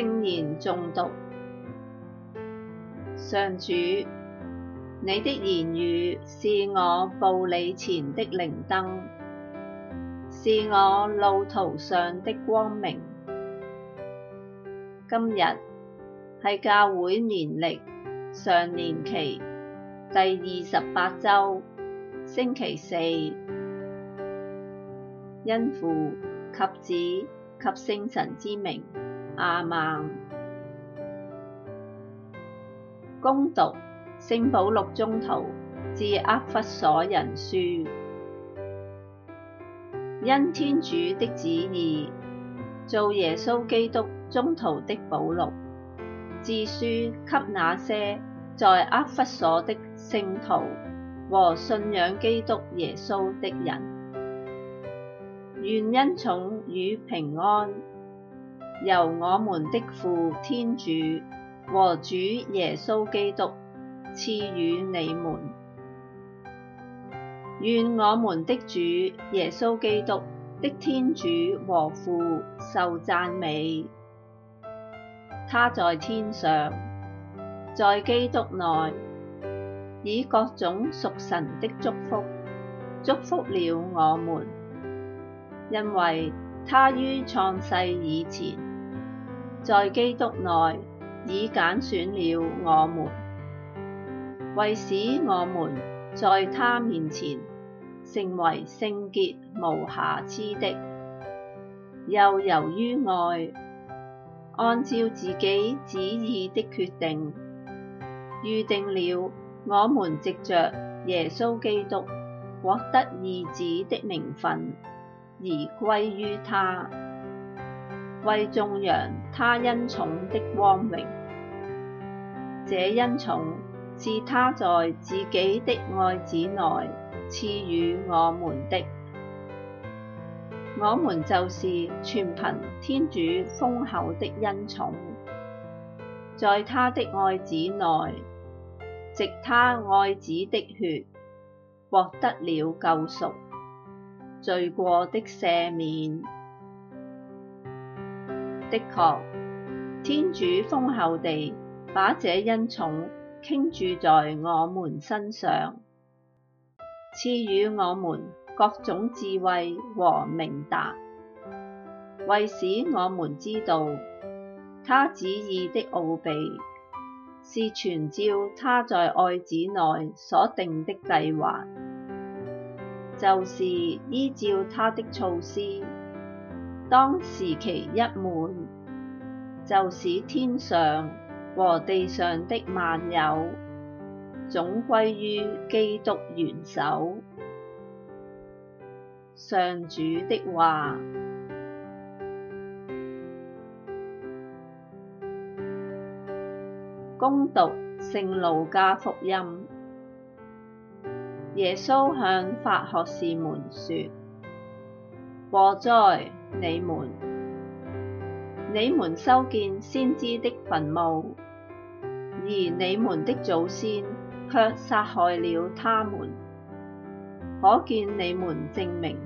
聖言誦讀。上主，你的言語是我步履前的靈燈，是我路途上的光明。今日係教會年曆常年期第二十八週星期四，因父及子及聖神之名。亞孟。恭讀聖保祿宗徒致厄弗所人書，因天主的旨意，做耶穌基督宗徒的保祿，致書給那些在厄弗所的聖徒和信仰基督耶穌的人，願恩寵與平安。由我們的父天主和主耶穌基督賜與你們，願我們的主耶穌基督的天主和父受讚美。他在天上，在基督內，以各種屬神的祝福祝福了我們，因為他於創世以前。在基督內已揀選了我們，為使我們在他面前成為聖潔無瑕疵的；又由於愛，按照自己旨意的決定，預定了我們藉着耶穌基督獲得義子的名分，而歸於他。為頌揚他恩寵的光榮，這恩寵是他在自己的愛子內賜與我們的，我們就是全憑天主豐厚的恩寵，在他的愛子內，藉他愛子的血，獲得了救贖，罪過的赦免。的確，天主豐厚地把這恩寵傾注在我們身上，賜與我們各種智慧和明達，為使我們知道，他旨意的奧秘，是全照他在愛子內所定的計劃，就是依照他的措施。當時期一滿，就使天上和地上的萬有，總歸於基督元首。上主的話，恭讀《聖路加福音》，耶穌向法學士們説：「禍哉。」你們，你們修建先知的墳墓，而你們的祖先卻殺害了他們。可見你們證明，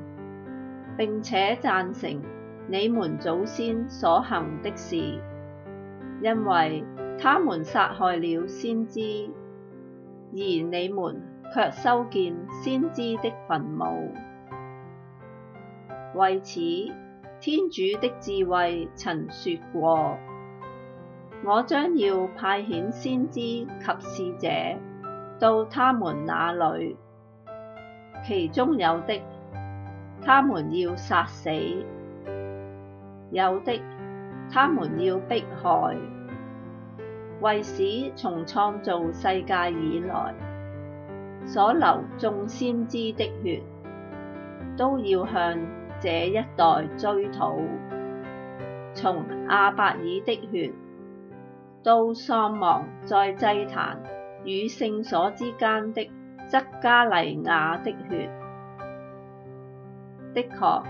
並且贊成你們祖先所行的事，因為他們殺害了先知，而你們卻修建先知的墳墓。為此。天主的智慧曾說過：我將要派遣先知及使者到他們那裏，其中有的，他們要殺死，有的，他們要迫害，為使從創造世界以來所流眾先知的血，都要向這一代追討，從亞伯爾的血，到喪亡在祭壇與聖所之間的則加黎雅的血。的確，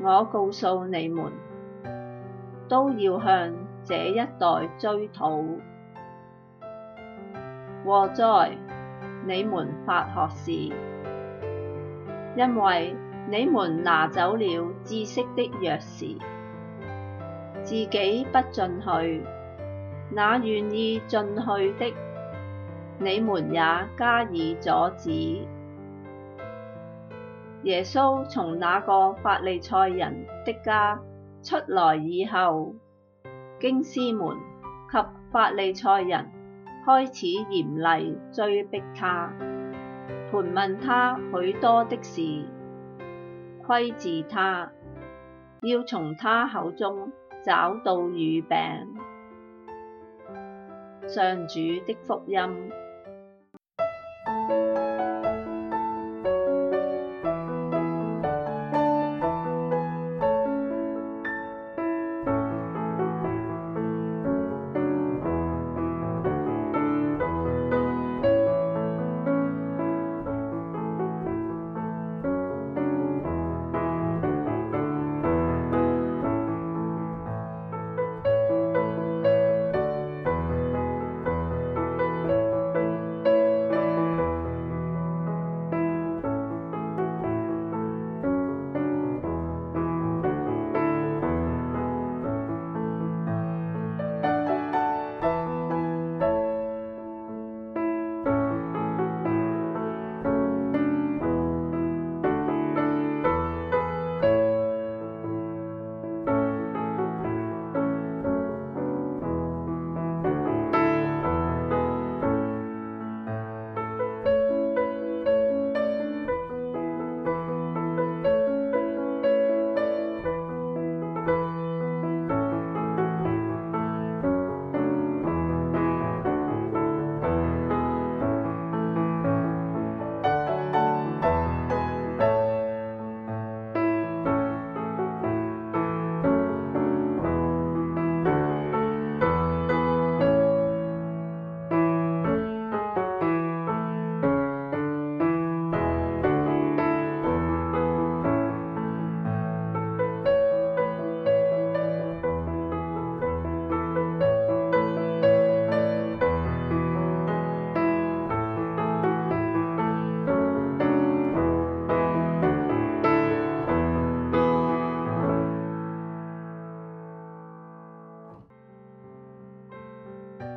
我告訴你們，都要向這一代追討，禍哉，你們法學士，因為。你們拿走了知識的鑰匙，自己不進去，那願意進去的，你們也加以阻止。耶穌從那個法利塞人的家出來以後，經師們及法利塞人開始嚴厲追逼他，盤問他許多的事。窺伺他，要從他口中找到語病。上主的福音。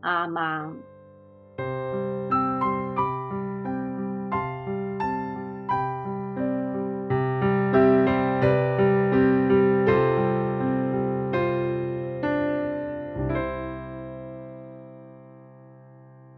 阿媽。